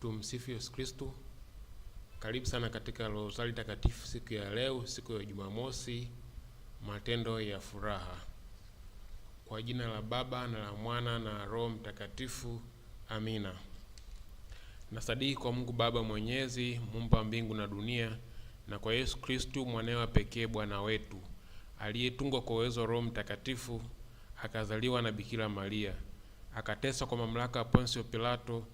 Tumsifu Yesu Kristo. Karibu sana katika Rozari Takatifu siku ya leo, siku ya Jumamosi, matendo ya furaha. Kwa jina la Baba na la Mwana na Roho Mtakatifu, amina. Nasadiki kwa Mungu Baba Mwenyezi, muumba mbingu na dunia, na kwa Yesu Kristo mwanawe pekee Bwana wetu, aliyetungwa kwa uwezo wa Roho Mtakatifu, akazaliwa na Bikira Maria, akateswa kwa mamlaka ya Ponsio Pilato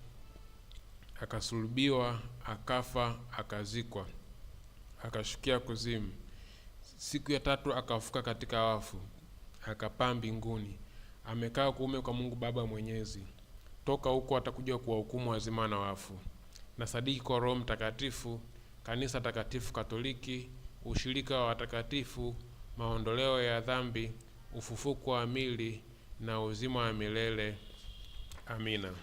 akasulubiwa, akafa, akazikwa, akashukia kuzimu, siku ya tatu akafuka katika wafu, akapaa mbinguni, amekaa kuume kwa Mungu Baba Mwenyezi. Toka huko atakuja kuwahukumu wazima na wafu. Na sadiki kwa Roho Mtakatifu, kanisa takatifu Katoliki, ushirika wa watakatifu, maondoleo ya dhambi, ufufuko wa mili na uzima wa milele. Amina.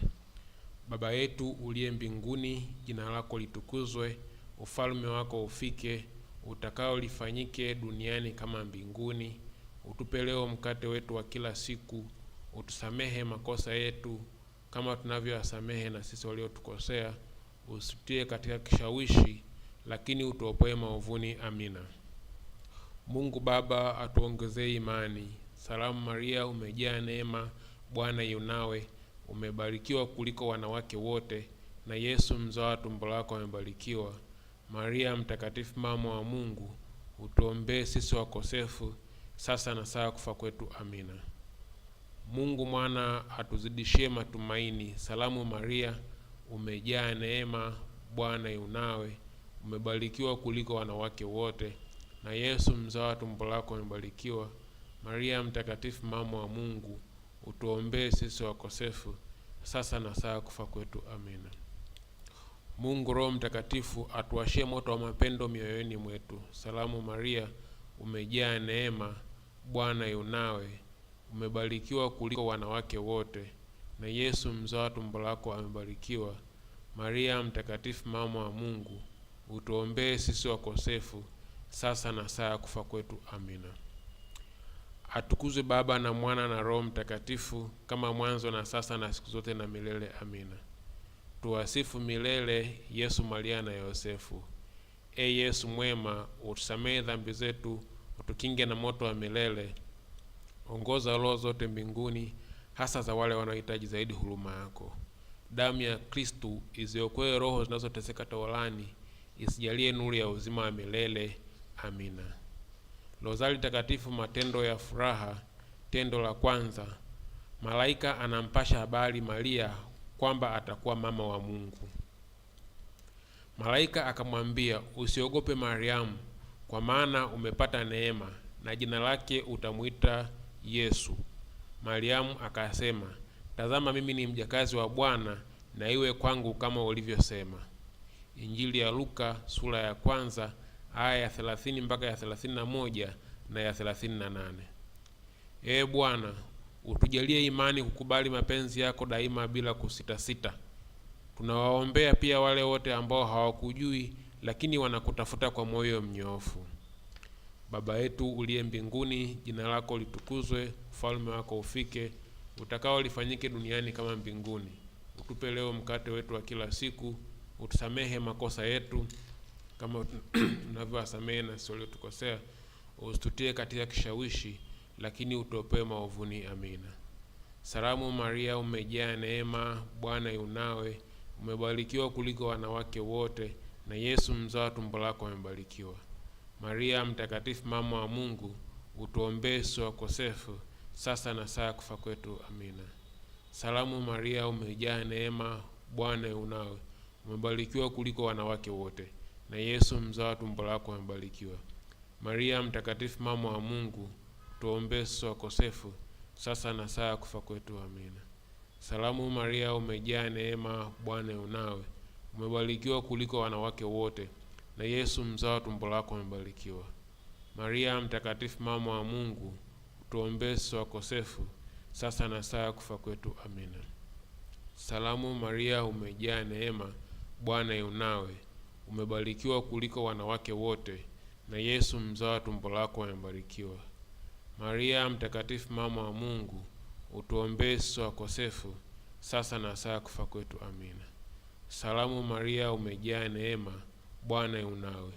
Baba yetu uliye mbinguni, jina lako litukuzwe, ufalme wako ufike, utakao lifanyike duniani kama mbinguni. Utupe leo mkate wetu wa kila siku, utusamehe makosa yetu kama tunavyowasamehe na sisi waliotukosea, usitie katika kishawishi, lakini utuopoe maovuni. Amina. Mungu Baba atuongezee imani. Salamu Maria, umejaa neema, Bwana yunawe umebarikiwa kuliko wanawake wote, na Yesu mzao wa tumbo lako amebarikiwa. Maria mtakatifu, mama wa Mungu, utuombee sisi wakosefu, sasa na saa kufa kwetu. Amina. Mungu mwana atuzidishie matumaini. Salamu Maria, umejaa neema, Bwana yunawe, umebarikiwa kuliko wanawake wote, na Yesu mzao wa tumbo lako amebarikiwa. Maria mtakatifu, mama wa Mungu utuombee sisi wakosefu sasa na saa kufa kwetu. Amina. Mungu Roho Mtakatifu atuashie moto wa mapendo mioyoni mwetu. Salamu Maria, umejaa neema, Bwana yunawe, umebarikiwa kuliko wanawake wote, na Yesu mzao wa tumbo lako amebarikiwa. Maria Mtakatifu, mama wa Mungu, utuombee sisi wakosefu sasa na saa ya kufa kwetu. Amina. Atukuzwe Baba na Mwana na Roho Mtakatifu, kama mwanzo na sasa na siku zote na milele. Amina. Tuwasifu milele Yesu, Maria na Yosefu. E Yesu mwema, utusamehe dhambi zetu, utukinge na moto wa milele, ongoza roho zote mbinguni, hasa za wale wanaohitaji zaidi huruma yako. Damu ya Kristu iziokoe roho zinazoteseka tawalani, isijalie nuru ya uzima wa milele. Amina. Rozari Takatifu, matendo ya furaha. Tendo la kwanza, malaika anampasha habari Maria kwamba atakuwa mama wa Mungu. Malaika akamwambia, usiogope Mariamu, kwa maana umepata neema, na jina lake utamwita Yesu. Mariamu akasema, tazama, mimi ni mjakazi wa Bwana, na iwe kwangu kama ulivyosema. Injili ya Luka sura ya kwanza aya ya 30 mpaka ya 31 na ya 38. Ee Bwana, utujalie imani kukubali mapenzi yako daima bila kusitasita. Tunawaombea pia wale wote ambao hawakujui lakini wanakutafuta kwa moyo mnyoofu. Baba yetu uliye mbinguni, jina lako litukuzwe, ufalme wako ufike, utakao lifanyike duniani kama mbinguni. Utupe leo mkate wetu wa kila siku, utusamehe makosa yetu kama tunavyowasamehe na sisi waliotukosea, usitutie katika kishawishi, lakini utuopoe maovuni. Amina. Salamu Maria, umejaa neema, Bwana yunawe, umebarikiwa kuliko wanawake wote, na Yesu mzao tumbo lako amebarikiwa. Maria Mtakatifu, mama wa Mungu, utuombee sisi wakosefu, sasa na saa ya kufa kwetu. Amina. Salamu Maria, umejaa neema, Bwana yunawe, umebarikiwa kuliko wanawake wote na Yesu mzao wa tumbo lako amebarikiwa. Maria mtakatifu, mama wa Mungu, tuombee sisi wakosefu, sasa na saa ya kufa kwetu. Amina. Salamu Maria, umejaa neema, Bwana unawe, umebarikiwa kuliko wanawake wote, na Yesu mzao wa tumbo lako amebarikiwa. Maria mtakatifu, mama wa Mungu, tuombee sisi wakosefu, sasa na saa ya kufa kwetu. Amina. Salamu Maria, umejaa neema, Bwana yunawe umebarikiwa kuliko wanawake wote, na Yesu mzao wa tumbo lako amebarikiwa. Maria Mtakatifu, mama wa Mungu, utuombee sisi wakosefu, sasa na saa kufa kwetu. Amina. Salamu Maria, umejaa neema, Bwana yu nawe,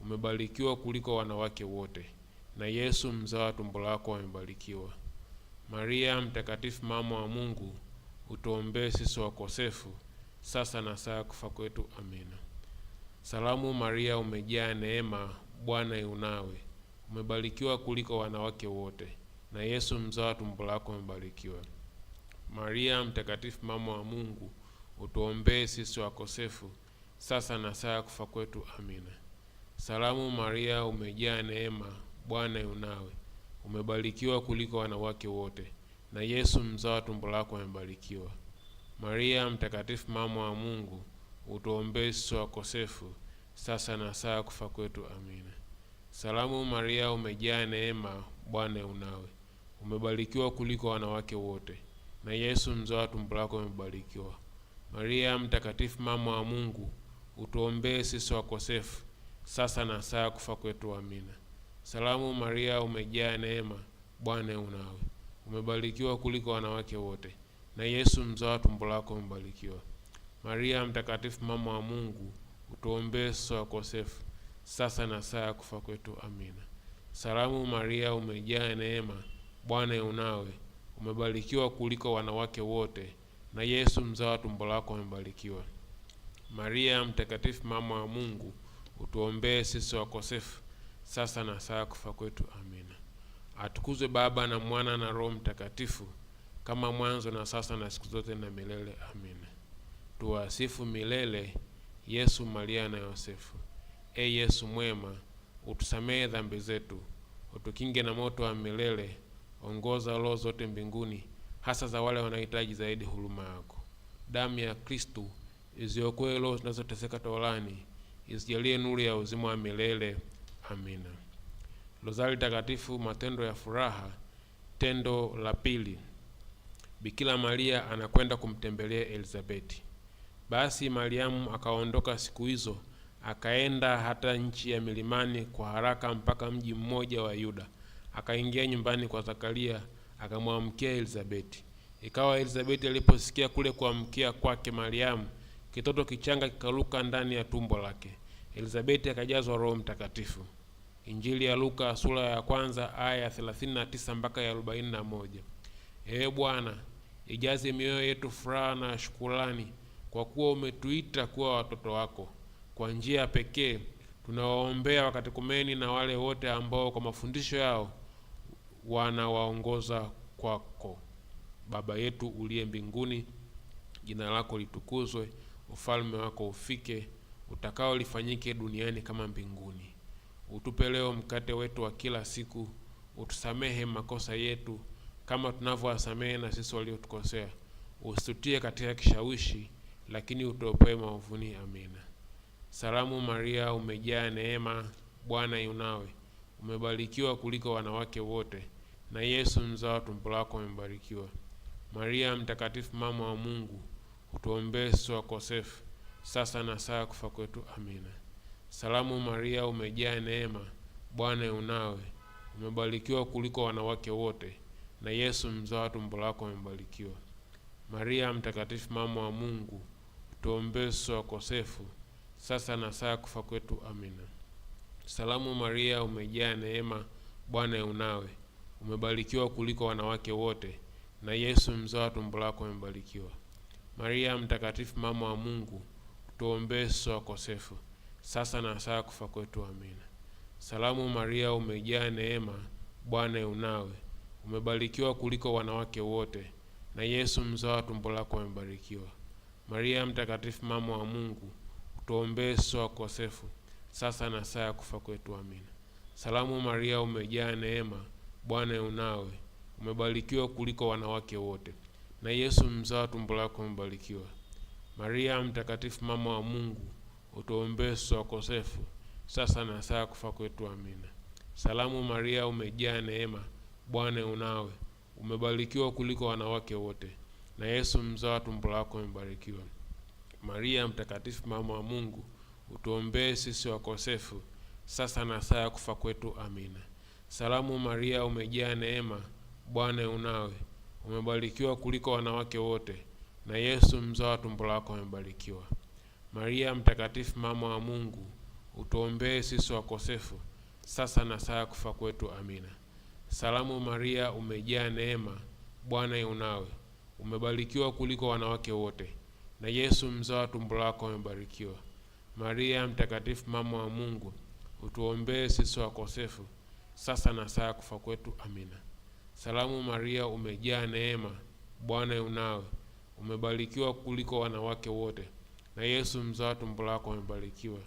umebarikiwa kuliko wanawake wote, na Yesu mzao wa tumbo lako amebarikiwa. Maria Mtakatifu, mama wa Mungu, utuombee sisi wakosefu, sasa na saa kufa kwetu. Amina. Salamu Maria, umejaa neema, Bwana yunawe, umebarikiwa kuliko wanawake wote, na Yesu mzao tumbo lako umebarikiwa. Maria Mtakatifu, mama wa Mungu, utuombee sisi wakosefu, sasa na saa ya kufa kwetu. Amina. Salamu Maria, umejaa neema, Bwana yunawe, umebarikiwa kuliko wanawake wote, na Yesu mzao tumbo lako umebarikiwa. Maria Mtakatifu, mama wa Mungu, utuombee sisi wakosefu sasa na saa kufa kwetu. Amina. Salamu Maria, umejaa neema, Bwana unawe, umebarikiwa kuliko wanawake wote, na Yesu mzao wa tumbo lako umebarikiwa. Maria Mtakatifu, mama wa Mungu, utuombee sisi wakosefu sasa na saa kufa kwetu. Amina. Salamu Maria, umejaa neema, Bwana unawe, umebarikiwa kuliko wanawake wote, na Yesu mzao wa tumbo lako umebarikiwa. Maria Mtakatifu, mama wa Mungu, utuombee sisi wakosefu, sasa na saa ya kufa kwetu. Amina. Salamu Maria, umejaa neema, Bwana unawe, umebarikiwa kuliko wanawake wote, na Yesu mzao wa tumbo lako amebarikiwa. Maria Mtakatifu, mama wa Mungu, utuombee sisi wakosefu, sasa na saa ya kufa kwetu. Amina. Atukuzwe Baba na Mwana na Roho Mtakatifu, kama mwanzo na sasa na siku zote na milele. Amina tuwasifu milele Yesu, Maria na Yosefu. E Yesu mwema, utusamehe dhambi zetu, utukinge na moto wa milele, ongoza roho zote mbinguni, hasa za wale wanahitaji zaidi huruma yako. Damu ya Kristu iziokoe roho zinazoteseka toharani, izijalie nuru ya uzima wa milele. Amina. Rozari Takatifu, matendo ya furaha. Tendo la pili, Bikira Maria anakwenda kumtembelea Elizabeti. Basi Mariamu akaondoka siku hizo akaenda hata nchi ya milimani kwa haraka mpaka mji mmoja wa Yuda, akaingia nyumbani kwa Zakaria akamwamkia Elizabeti. Ikawa Elizabeti aliposikia kule kuamkia kwake Mariamu, kitoto kichanga kikaluka ndani ya tumbo lake. Elizabeti akajazwa Roho Mtakatifu. Injili ya Luka sura ya kwanza aya ya 39 mpaka ya 41. Ee Bwana, ijaze mioyo yetu furaha na shukurani kwa kuwa umetuita kuwa watoto wako. Kwa njia ya pekee tunawaombea kumeni na wale wote ambao kwa mafundisho yao wanawaongoza kwako. Baba yetu uliye mbinguni, jina lako litukuzwe, ufalme wako ufike, utakao lifanyike duniani kama mbinguni. Utupe leo mkate wetu wa kila siku, utusamehe makosa yetu kama tunavyowasamehe na sisi waliotukosea, usitutie katika kishawishi lakini utuopoe maovuni. Amina. Salamu Maria, umejaa neema, Bwana yunawe, umebarikiwa kuliko wanawake wote, na Yesu mzao tumbo lako umebarikiwa. Maria Mtakatifu, mama wa Mungu, utuombee sisi wakosefu, sasa na saa ya kufa kwetu. Amina. Salamu Maria, umejaa neema, Bwana yunawe, umebarikiwa kuliko wanawake wote, na Yesu mzao tumbo lako umebarikiwa. Maria Mtakatifu, mama wa Mungu, tuombee sisi wakosefu sasa na saa ya kufa kwetu. Amina. Salamu Maria, umejaa neema, Bwana unawe, umebarikiwa kuliko wanawake wote, na Yesu mzao wa tumbo lako umebarikiwa. Maria Mtakatifu, mama wa Mungu, tuombee sisi wakosefu sasa na saa ya kufa kwetu. Amina. Salamu Maria, umejaa neema, Bwana unawe umebarikiwa kuliko wanawake wote, na Yesu mzao wa tumbo lako umebarikiwa. Maria Mtakatifu, mama wa Mungu, utuombee sisi wakosefu sasa na saa ya kufa kwetu. Amina. Salamu Maria, umejaa neema, Bwana unawe, umebarikiwa kuliko wanawake wote, na Yesu mzao tumbo lako umebarikiwa. Maria Mtakatifu, mama wa Mungu, utuombee sisi wakosefu sasa na saa ya kufa kwetu. Amina. Salamu Maria, umejaa neema, Bwana unawe, umebarikiwa kuliko wanawake wote na Yesu mzao tumbo lako amebarikiwa. Maria mtakatifu, mama wa Mungu, utuombee sisi wakosefu, sasa na saa ya kufa kwetu. Amina. Salamu Maria, umejaa neema, Bwana unawe, umebarikiwa kuliko wanawake wote, na Yesu mzao wa tumbo lako amebarikiwa. Maria mtakatifu, mama wa Mungu, utuombee sisi wakosefu, sasa na saa ya kufa kwetu. Amina. Salamu Maria, umejaa neema, Bwana unawe umebarikiwa kuliko wanawake wote, na Yesu mzao wa tumbo lako umebarikiwa. Maria Mtakatifu, mama wa Mungu, utuombee sisi wakosefu, sasa na saa kufa kwetu. Amina. Salamu Maria, umejaa neema, Bwana unawe umebarikiwa kuliko wanawake wote, na Yesu mzao wa tumbo lako umebarikiwa.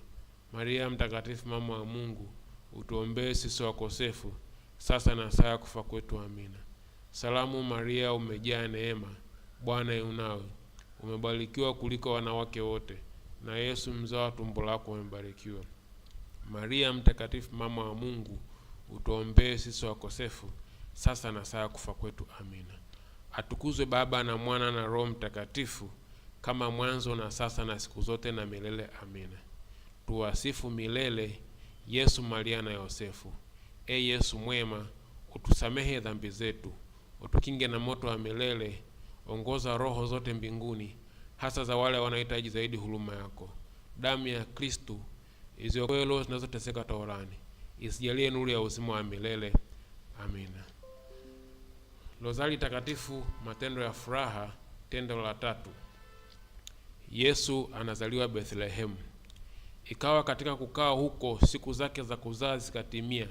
Maria Mtakatifu, mama wa Mungu, utuombee sisi wakosefu, sasa na saa kufa kwetu. Amina. Salamu Maria, umejaa neema, Bwana yu nawe, umebarikiwa kuliko wanawake wote, na Yesu mzao wa tumbo lako umebarikiwa. Maria Mtakatifu, mama wa Mungu, utuombee sisi wakosefu, sasa na saa ya kufa kwetu. Amina. Atukuzwe Baba na Mwana na Roho Mtakatifu, kama mwanzo na sasa na siku zote na milele. Amina. Tuwasifu milele Yesu, Maria na Yosefu. E Yesu mwema, utusamehe dhambi zetu utukinge na moto wa milele, ongoza roho zote mbinguni, hasa za wale wanaohitaji zaidi huruma yako. Damu ya Kristu iziokoe roho zinazoteseka toharani, isijalie nuru ya uzima wa milele. Amina. Rozari Takatifu, matendo ya furaha. Tendo la tatu. Yesu anazaliwa Bethlehemu. Ikawa katika kukaa huko siku zake za kuzaa zikatimia,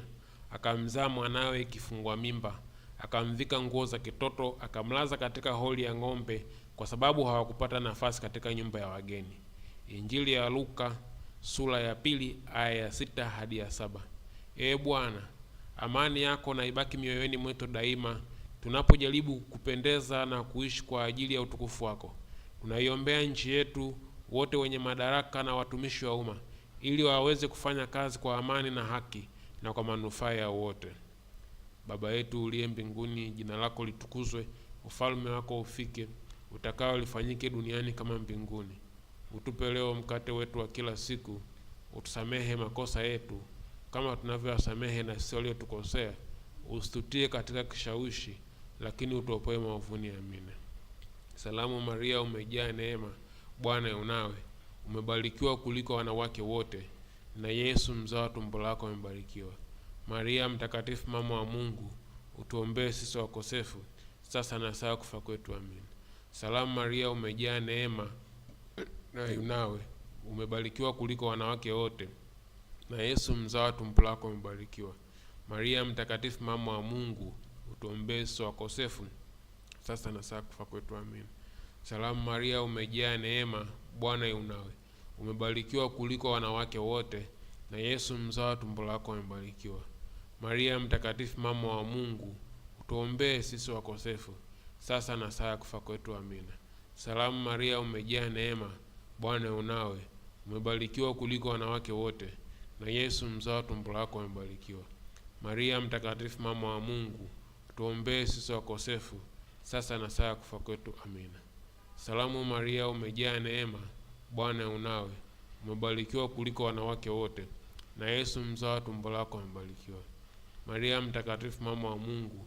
akamzaa mwanawe ikifungwa mimba akamvika nguo za kitoto akamlaza katika holi ya ng'ombe, kwa sababu hawakupata nafasi katika nyumba ya wageni. Injili ya Luka sura ya pili aya ya sita hadi ya saba. Ee Bwana, amani yako na ibaki mioyoni mwetu daima tunapojaribu kupendeza na kuishi kwa ajili ya utukufu wako. Tunaiombea nchi yetu, wote wenye madaraka na watumishi wa umma, ili waweze kufanya kazi kwa amani na haki na kwa manufaa ya wote. Baba yetu uliye mbinguni, jina lako litukuzwe, ufalme wako ufike, utakao lifanyike duniani kama mbinguni. Utupe leo mkate wetu wa kila siku, utusamehe makosa yetu kama tunavyowasamehe na sisi waliotukosea, usitutie katika kishawishi, lakini utuopoe maovuni. Amina. Salamu Maria, umejaa neema, Bwana unawe, umebarikiwa kuliko wanawake wote, na Yesu mzao wa tumbo lako amebarikiwa. Maria Mtakatifu, mama wa Mungu, utuombee sisi wakosefu, sasa na saa kufa kwetu. Amin. Salamu Maria, umejaa neema, na yunawe umebarikiwa kuliko wanawake wote, na Yesu mzao tumbo lako umebarikiwa. Maria Mtakatifu, mama wa Mungu, utuombee sisi wakosefu, sasa na saa kufa kwetu. Amin. Salamu Maria, umejaa neema, Bwana yunawe umebarikiwa kuliko wanawake wote, na Yesu mzao tumbo lako umebarikiwa. Maria Mtakatifu, mama wa Mungu, utuombee sisi wakosefu, sasa na saa ya kufa kwetu. Amina. Salamu Maria, umejaa neema, Bwana unawe, umebarikiwa kuliko wanawake wote, na Yesu mzao tumbo lako umebarikiwa. Maria Mtakatifu, mama wa Mungu, utuombee sisi wakosefu, sasa na saa ya kufa kwetu. Amina. Salamu Maria, umejaa neema, Bwana unawe, umebarikiwa kuliko wanawake wote, na Yesu mzao tumbo lako umebarikiwa. Maria Mtakatifu, mama wa Mungu,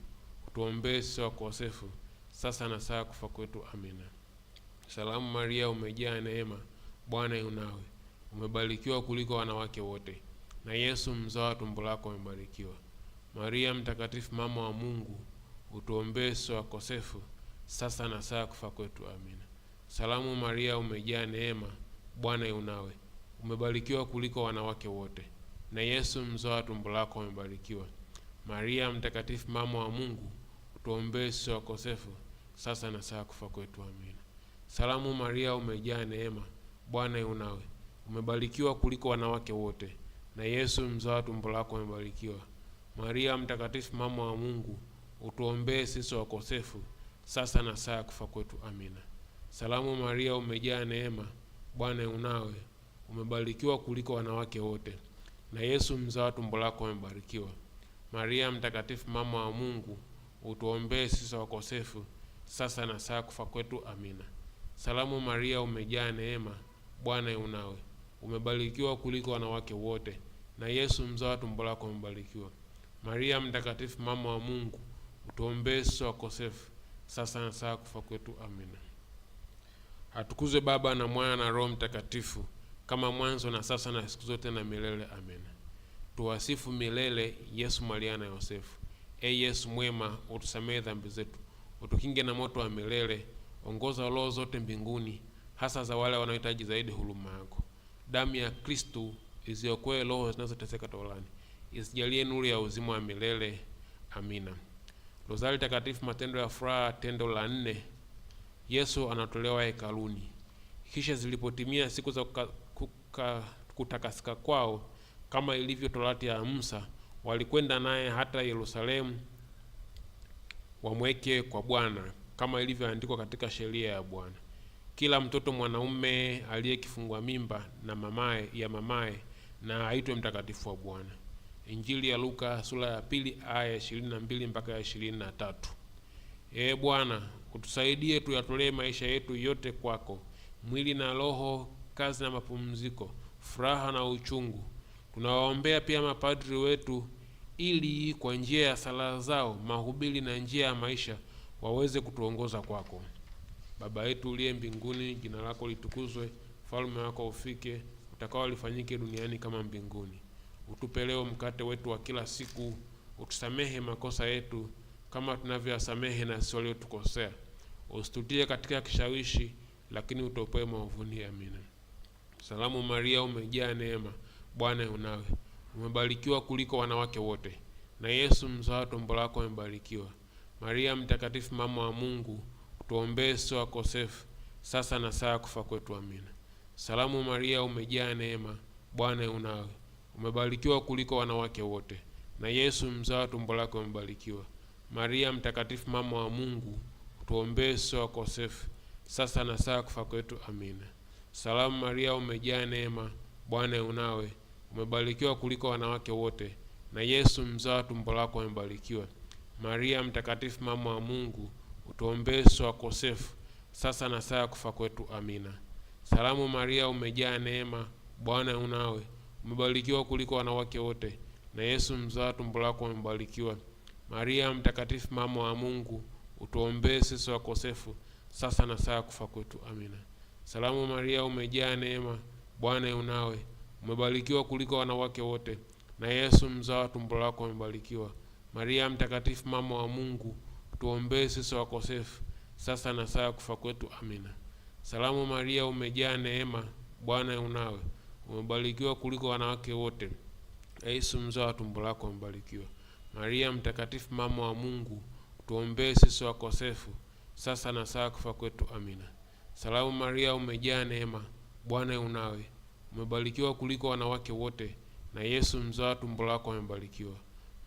utuombee sisi wakosefu sasa na saa kufa kwetu. Amina. Salamu Maria, umejaa neema, Bwana yu nawe, umebarikiwa kuliko wanawake wote, na Yesu mzao wa tumbo lako umebarikiwa. Maria Mtakatifu, mama wa Mungu, utuombee sisi wakosefu sasa na saa kufa kwetu. Amina. Salamu Maria, umejaa neema, Bwana yu nawe, umebarikiwa kuliko wanawake wote, na Yesu mzao wa tumbo lako umebarikiwa. Maria Mtakatifu, mama wa Mungu, tuombee sisi wakosefu, sasa na saa kufa kwetu. Amina. Salamu Maria, umejaa neema, Bwana yu nawe, umebarikiwa kuliko wanawake wote, na Yesu mzao wa tumbo lako umebarikiwa. Maria Mtakatifu, mama wa Mungu, utuombee sisi wakosefu, sasa na saa kufa kwetu. Amina. Salamu Maria, umejaa neema, Bwana yu nawe, umebarikiwa kuliko wanawake wote, na Yesu mzao wa tumbo lako umebarikiwa. Maria Mtakatifu, mama wa Mungu, utuombee sisi wakosefu, sasa na saa kufa kwetu. Amina. Salamu Maria, umejaa neema, Bwana unawe umebarikiwa kuliko wanawake wote, na Yesu mzao wa tumbo lako umebarikiwa. Maria Mtakatifu, mama wa Mungu, utuombee sisi wakosefu, sasa na saa kufa kwetu. Amina. Atukuzwe Baba na Mwana na Roho Mtakatifu, kama mwanzo na sasa na siku zote na milele. Amina tuwasifu milele Yesu, Maria na Yosefu. E Yesu mwema, utusamehe dhambi zetu, utukinge na moto wa milele, ongoza roho zote mbinguni, hasa za wale wanaohitaji zaidi huruma yako. Damu ya Kristu iziokwee roho zinazoteseka tolani isijalie nuru ya uzima wa milele. Amina. Rozari Takatifu, matendo ya furaha, tendo la nne. Yesu anatolewa hekaluni. Kisha zilipotimia siku za kutakasika kwao kama ilivyo torati ya Musa, walikwenda naye hata Yerusalemu wamweke kwa Bwana kama ilivyoandikwa katika sheria ya Bwana. Kila mtoto mwanaume aliyekifungwa mimba na mamaye ya mamae na aitwe mtakatifu wa Bwana. Injili ya Luka sura ya pili aya ishirini na mbili mpaka ya ishirini na tatu. Ee Bwana, utusaidie tuyatolee maisha yetu yote kwako, mwili na roho, kazi na mapumziko, furaha na uchungu Tunawaombea pia mapadri wetu ili kwa njia ya sala zao, mahubiri na njia ya maisha waweze kutuongoza kwako. Baba yetu uliye mbinguni, jina lako litukuzwe, falme wako ufike, utakao lifanyike duniani kama mbinguni. Utupe leo mkate wetu wa kila siku, utusamehe makosa yetu kama tunavyowasamehe na sisi waliotukosea, usitutie katika kishawishi, lakini utopee maovuni. Amina. Salamu Maria, umejaa neema Bwana unawe umebarikiwa kuliko wanawake wote, na Yesu mzao tumbo lako amebarikiwa. Maria mtakatifu, mama wa Mungu, tuombee sisi wakosefu, sasa na saa kufa kwetu. Amina. Salamu Maria, umejaa neema, Bwana unawe umebarikiwa kuliko wanawake wote, na Yesu mzao tumbo lako amebarikiwa. Maria mtakatifu, mama wa Mungu, tuombee sisi wakosefu, sasa na saa kufa kwetu. Amina. Salamu Maria, umejaa neema, Bwana unawe umebarikiwa kuliko wanawake wote, na Yesu mzao wa tumbo lako amebarikiwa. Maria mtakatifu, mama wa Mungu, utuombee wakosefu, sasa na saa ya kufa kwetu. Amina. Salamu Maria, umejaa neema, Bwana unawe umebarikiwa kuliko wanawake wote, na Yesu mzao wa tumbo lako amebarikiwa. Maria mtakatifu, mama wa Mungu, utuombee sisi wakosefu, sasa na saa ya kufa kwetu. Amina. Salamu Maria, umejaa neema, Bwana unawe Umebarikiwa kuliko wanawake wote, na Yesu mzao wa tumbo lako amebarikiwa. Maria mtakatifu, mama wa Mungu, tuombee sisi wakosefu, sasa na saa ya kufa kwetu. Amina. Salamu Maria, umejaa neema, Bwana yu nawe, umebarikiwa kuliko wanawake wote, Yesu mzao wa tumbo lako amebarikiwa. Maria mtakatifu, mama wa Mungu, tuombee sisi wakosefu, sasa na saa ya kufa kwetu. Amina. Salamu Maria, umejaa neema, Bwana yu nawe Umebarikiwa kuliko wanawake wote, na Yesu mzao tumbo lako amebarikiwa.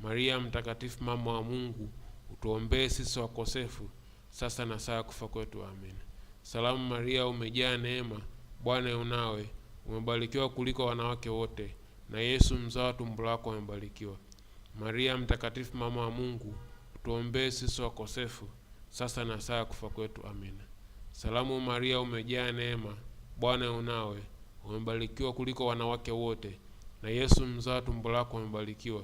Maria mtakatifu, mama wa Mungu, utuombee sisi wakosefu, sasa na saa kufa kwetu. Amen. Salamu Maria, umejaa neema, Bwana yu nawe, umebarikiwa kuliko wanawake wote, na Yesu mzao tumbo lako amebarikiwa. Maria mtakatifu, mama wa Mungu, utuombee sisi wakosefu, sasa na saa kufa kwetu. Amen. Salamu Maria, umejaa neema, Bwana yu nawe umebarikiwa kuliko wanawake wote, na Yesu mzao tumbo lako umebarikiwa.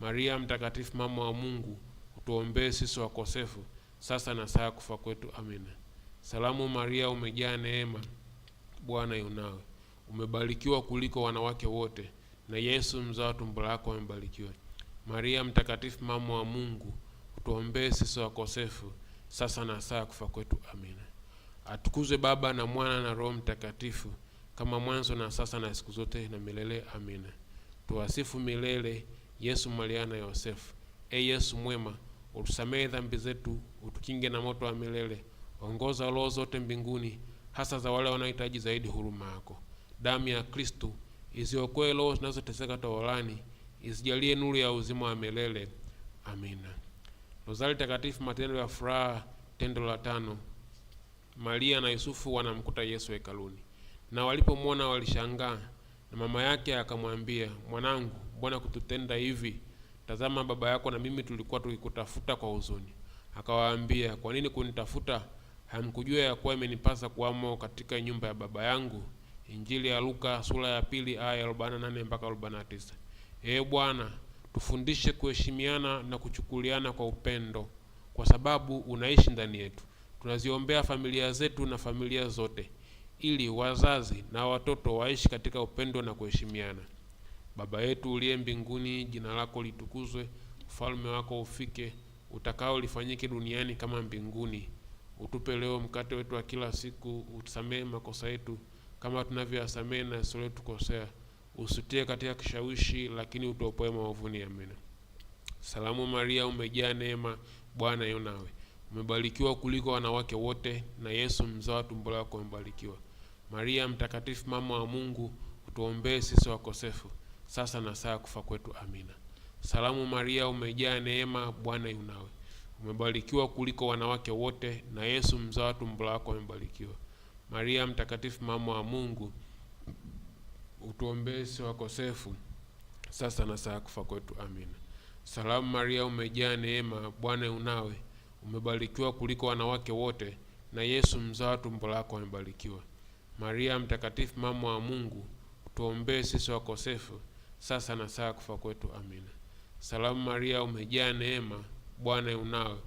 Maria mtakatifu, mama wa Mungu, utuombee sisi wakosefu, sasa na saa kufa kwetu. Amina. Salamu Maria, umejaa neema, Bwana yu nawe, umebarikiwa kuliko wanawake wote, na Yesu mzao tumbo lako umebarikiwa. Maria mtakatifu, mama wa Mungu, utuombee sisi wakosefu, sasa na saa kufa kwetu. Amina. Atukuzwe Baba na Mwana na Roho Mtakatifu, kama mwanzo na sasa na siku zote na milele. Amina. Tuwasifu milele Yesu, mariana Yosefu. E Yesu mwema, utusamehe dhambi zetu, utukinge na moto wa milele, ongoza roho zote mbinguni, hasa za wale wanaohitaji zaidi huruma yako. Damu ya Kristu iziokoe roho zinazoteseka tawalani isijalie nuru ya uzima wa milele. Amina. Rozari Takatifu, matendo ya furaha, tendo la tano. Maria na Yusufu wanamkuta Yesu hekaluni. Na walipomwona walishangaa, na mama yake akamwambia, mwanangu, mbona kututenda hivi? Tazama, baba yako na mimi tulikuwa tukikutafuta kwa huzuni. Akawaambia, kwa nini kunitafuta? Hamkujua ya kuwa imenipasa kuwamo katika nyumba ya baba yangu? Injili ya Luka sura ya pili aya ya 48 mpaka 49. Ee Bwana, tufundishe kuheshimiana na kuchukuliana kwa upendo, kwa sababu unaishi ndani yetu. Tunaziombea familia zetu na familia zote ili wazazi na watoto waishi katika upendo na kuheshimiana. Baba yetu uliye mbinguni, jina lako litukuzwe, ufalme wako ufike, utakao lifanyike duniani kama mbinguni. Utupe leo mkate wetu wa kila siku, utusamehe makosa yetu kama tunavyoyasamehe na yasiyotukosea, usitie katika kishawishi, lakini utuopoe maovuni. Amina. Salamu Maria, umejaa neema, Bwana yu nawe, umebarikiwa kuliko wanawake wote, na Yesu mzao wa tumbo lako umebarikiwa. Maria Mtakatifu, mama wa Mungu, utuombee sisi wakosefu, sasa na saa ya kufa kwetu. Amina. Salamu Maria, umejaa neema, Bwana yu nawe, umebarikiwa kuliko wanawake wote, na Yesu mzao wa tumbo lako amebarikiwa. Maria Mtakatifu, mama wa Mungu, utuombee sisi wakosefu, sasa na saa ya kufa kwetu. Amina. Salamu Maria, umejaa neema, Bwana yu nawe, umebarikiwa kuliko wanawake wote, na Yesu mzao wa tumbo lako amebarikiwa. Maria mtakatifu mama wa Mungu, tuombee sisi wakosefu sasa na saa kufa kwetu. Amina. Salamu Maria, umejaa neema, Bwana unawe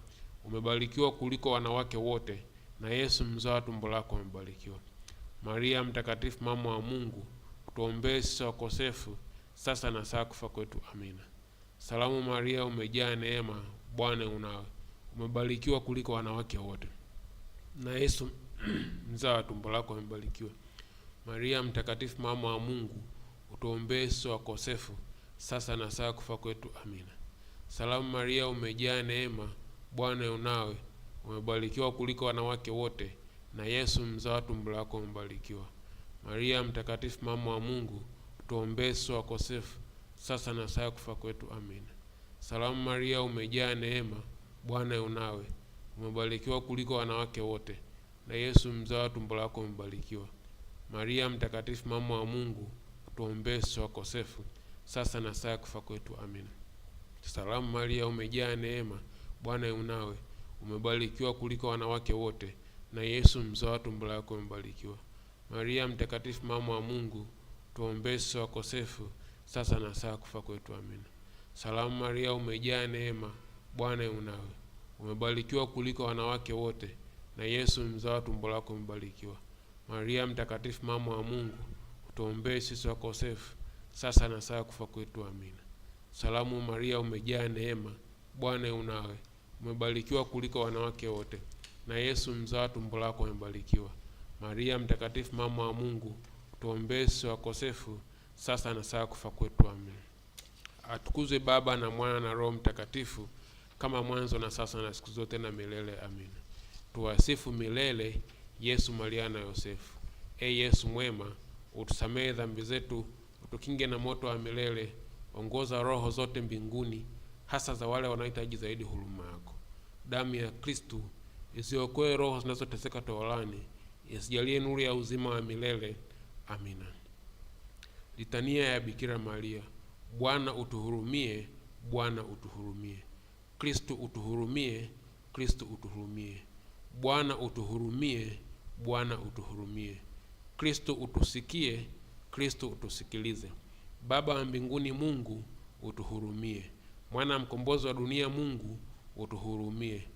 umebarikiwa kuliko wanawake wote, na Yesu mzao wa tumbo lako amebarikiwa. Maria mtakatifu mama wa Mungu, tuombee sisi wakosefu sasa na saa kufa kwetu. Amina. Salamu Maria, umejaa neema, Bwana unawe umebarikiwa kuliko wanawake wote, na Yesu mzaa wa tumbo lako amebarikiwa. Maria mtakatifu, mama wa Mungu, utuombee sisi wakosefu, sasa na saa kufa kwetu. Amina. Salamu Maria, umejaa neema, Bwana unawe, umebarikiwa kuliko wanawake wote, na Yesu mzaa wa tumbo lako amebarikiwa. Maria mtakatifu, mama wa Mungu, utuombee sisi wakosefu, sasa na saa kufa kwetu. Amina. Salamu Maria, umejaa neema, Bwana unawe umebarikiwa kuliko wanawake wote na Yesu mzao tumbo lako umebarikiwa. Maria mtakatifu mama wa Mungu, tuombee sisi wakosefu sasa na saa kufa kwetu. Amina. Salamu Maria, umejaa neema, Bwana yu nawe, umebarikiwa kuliko wanawake wote, na Yesu mzao wa tumbo lako umebarikiwa. Maria mtakatifu mama wa Mungu, tuombee sisi wakosefu sasa na saa kufa kwetu. Amina. Salamu Maria, umejaa neema, Bwana yu nawe, umebarikiwa kuliko wanawake wote na Yesu mzao tumbo lako mbarikiwa. Maria mtakatifu mama wa Mungu, utuombee sisi wakosefu sasa na saa kufa kwetu, amina. Salamu Maria, umejaa neema, Bwana unawe umebarikiwa kuliko wanawake wote, na Yesu mzao tumbo lako umebarikiwa. Maria mtakatifu mama wa Mungu, utuombee sisi wakosefu sasa na saa kufa kwetu, amina. Atukuzwe Baba na Mwana na Roho Mtakatifu, kama mwanzo na sasa na siku zote na milele, amina tuwasifu milele Yesu, Maria na Yosefu. E Yesu mwema, utusamehe dhambi zetu, utukinge na moto wa milele, ongoza roho zote mbinguni, hasa za wale wanaohitaji zaidi huruma yako. Damu ya Kristu isiokoe roho zinazoteseka toharani, isijalie nuru ya uzima wa milele. Amina. Litania ya Bikira Maria. Bwana utuhurumie, Bwana utuhurumie. Kristu utuhurumie, Kristu utuhurumie. Bwana utuhurumie, Bwana utuhurumie. Kristo utusikie, Kristo utusikilize. Baba wa mbinguni, Mungu utuhurumie. Mwana mkombozi wa dunia, Mungu utuhurumie.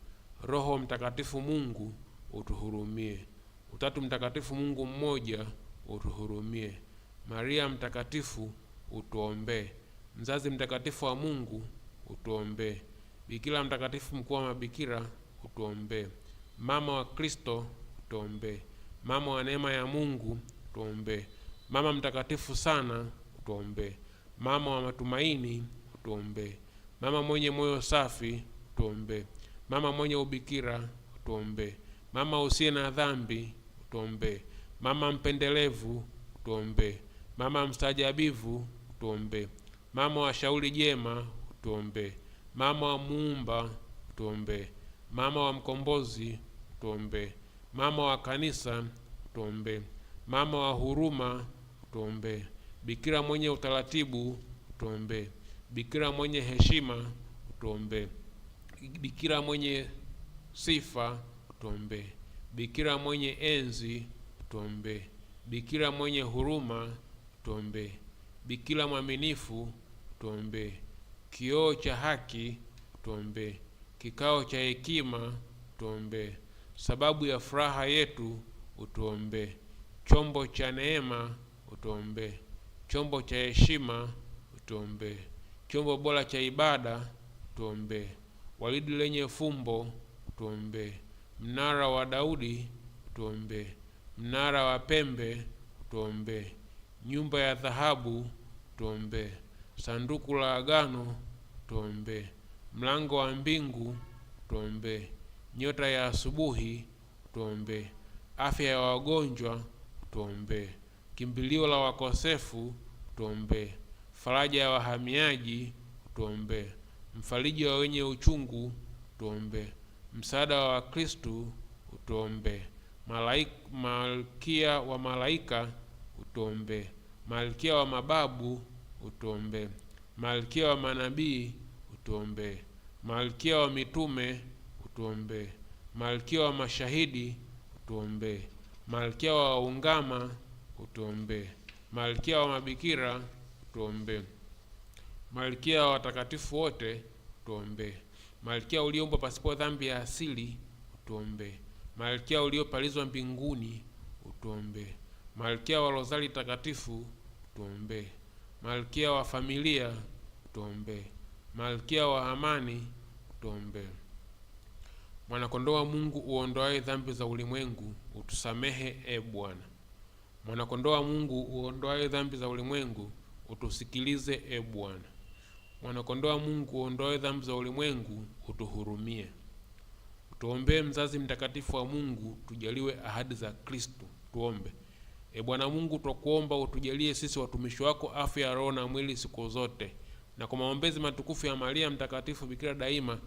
Roho Mtakatifu, Mungu utuhurumie. Utatu Mtakatifu, Mungu mmoja, utuhurumie. Maria Mtakatifu, utuombee. Mzazi mtakatifu wa Mungu, utuombee. Bikira Mtakatifu, mkuu wa mabikira, utuombee. Mama wa Kristo tuombe. Mama wa neema ya Mungu tuombe. Mama mtakatifu sana tuombe. Mama wa matumaini tuombe. Mama mwenye moyo safi tuombe. Mama mwenye ubikira tuombe. Mama usiye na dhambi tuombe. Mama mpendelevu tuombe. Mama mstajabivu tuombe. Mama wa shauri jema tuombe. Mama wa muumba tuombee. Mama wa Mkombozi, tuombe. Mama wa Kanisa, tuombe. Mama wa huruma, tuombe. Bikira mwenye utaratibu, tuombe. Bikira mwenye heshima, tuombe. Bikira mwenye sifa, tuombe. Bikira mwenye enzi, tuombe. Bikira mwenye huruma, tuombe. Bikira mwaminifu, tuombe. Kioo cha haki, tuombe. Kikao cha hekima tuombe Sababu ya furaha yetu utuombe Chombo cha neema utuombe Chombo cha heshima utuombe Chombo bora cha ibada tuombe walidi lenye fumbo tuombe Mnara wa Daudi tuombe Mnara wa pembe tuombe Nyumba ya dhahabu tuombe Sanduku la agano tuombee mlango wa mbingu tuombe, nyota ya asubuhi tuombe, afya ya wagonjwa tuombe, kimbilio la wakosefu tuombe, faraja ya wahamiaji tuombe, mfariji wa wenye uchungu tuombe, msaada wa Wakristu utuombee, malkia wa malaika utuombe, malkia wa mababu utuombe, malkia wa manabii utuombee. Malkia wa mitume utuombee. Malkia wa mashahidi utuombee. Malkia wa waungama utuombee. Malkia wa mabikira utuombee. Malkia wa watakatifu wote utuombee. Malkia ulioumbwa pasipo dhambi ya asili utuombee. Malkia uliopalizwa mbinguni utuombee. Malkia wa rozali takatifu utuombee. Malkia wa familia utuombee malkia wa amani, tuombee. Mwanakondoo wa Mungu uondoaye dhambi za ulimwengu, utusamehe e Bwana. Mwanakondoo wa Mungu uondoaye dhambi za ulimwengu, utusikilize e Bwana. Mwanakondoo wa Mungu uondoaye dhambi za ulimwengu, utuhurumie. Tuombee mzazi mtakatifu wa Mungu, tujaliwe ahadi za Kristo. Tuombe. E Bwana Mungu, twakuomba utujalie sisi watumishi wako afya ya roho na mwili siku zote na kwa maombezi matukufu ya Maria Mtakatifu Bikira Daima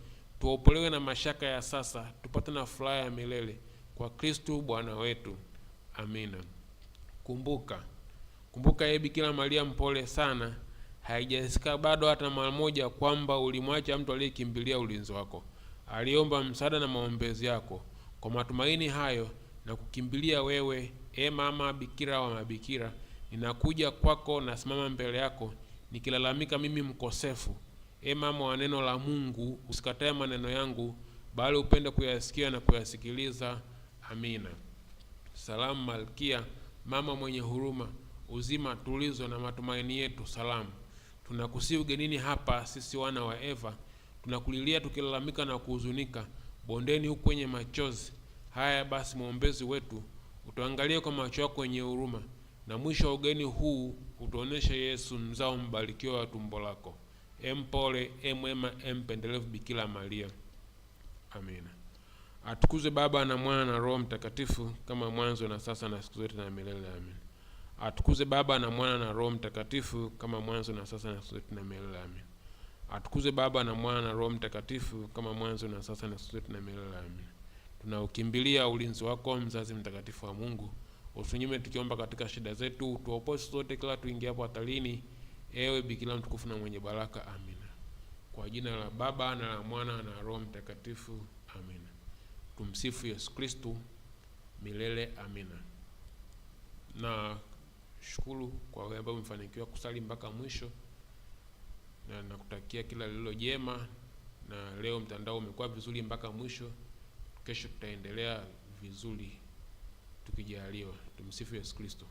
tuopolewe na mashaka ya sasa, tupate na furaha ya milele kwa Kristu Bwana wetu. Amina. Kumbuka, kumbuka ye Bikira Maria mpole sana, haijasika bado hata mara moja kwamba ulimwacha mtu aliyekimbilia ulinzi wako, aliomba msaada na maombezi yako. Kwa matumaini hayo na kukimbilia wewe, e Mama Bikira wa mabikira, ninakuja kwako, nasimama mbele yako nikilalamika mimi mkosefu. E mama wa neno la Mungu, usikatae maneno yangu, bali upende kuyasikia na kuyasikiliza. Amina. Salamu Malkia, mama mwenye huruma, uzima, tulizo na matumaini yetu, salamu. Tunakusihi ugenini hapa sisi wana wa Eva, tunakulilia tukilalamika na kuhuzunika bondeni huku kwenye machozi. Haya basi, mwombezi wetu, utuangalie kwa macho yako yenye huruma na mwisho wa ugeni huu utuonesha Yesu mzao mbarikiwa wa tumbo lako, empole, emwema, empendelevu Bikira Maria. Amina. Atukuzwe Baba na Mwana na Roho Mtakatifu, kama mwanzo na sasa na siku zote na milele. Amina. Atukuzwe Baba na Mwana na Roho Mtakatifu, kama mwanzo na sasa na siku zote na milele. Amina. Atukuzwe Baba na Mwana na Roho Mtakatifu, kama mwanzo na sasa na siku zote na milele. Amina. Tunaukimbilia ulinzi wako, mzazi mtakatifu wa Mungu usinyume tukiomba katika shida zetu, tuopose sote kila tuingiapo hatarini, ewe Bikira mtukufu na mwenye baraka. Amina. Kwa jina la Baba na la Mwana na Roho Mtakatifu. Amina. Tumsifu Yesu Kristu milele. Amina. Na shukuru kwa wewe ambao umefanikiwa kusali mpaka mwisho, na nakutakia kila lililo jema. Na leo mtandao umekuwa vizuri mpaka mwisho. Kesho tutaendelea vizuri tukijaliwa. Tumsifu Yesu Kristo.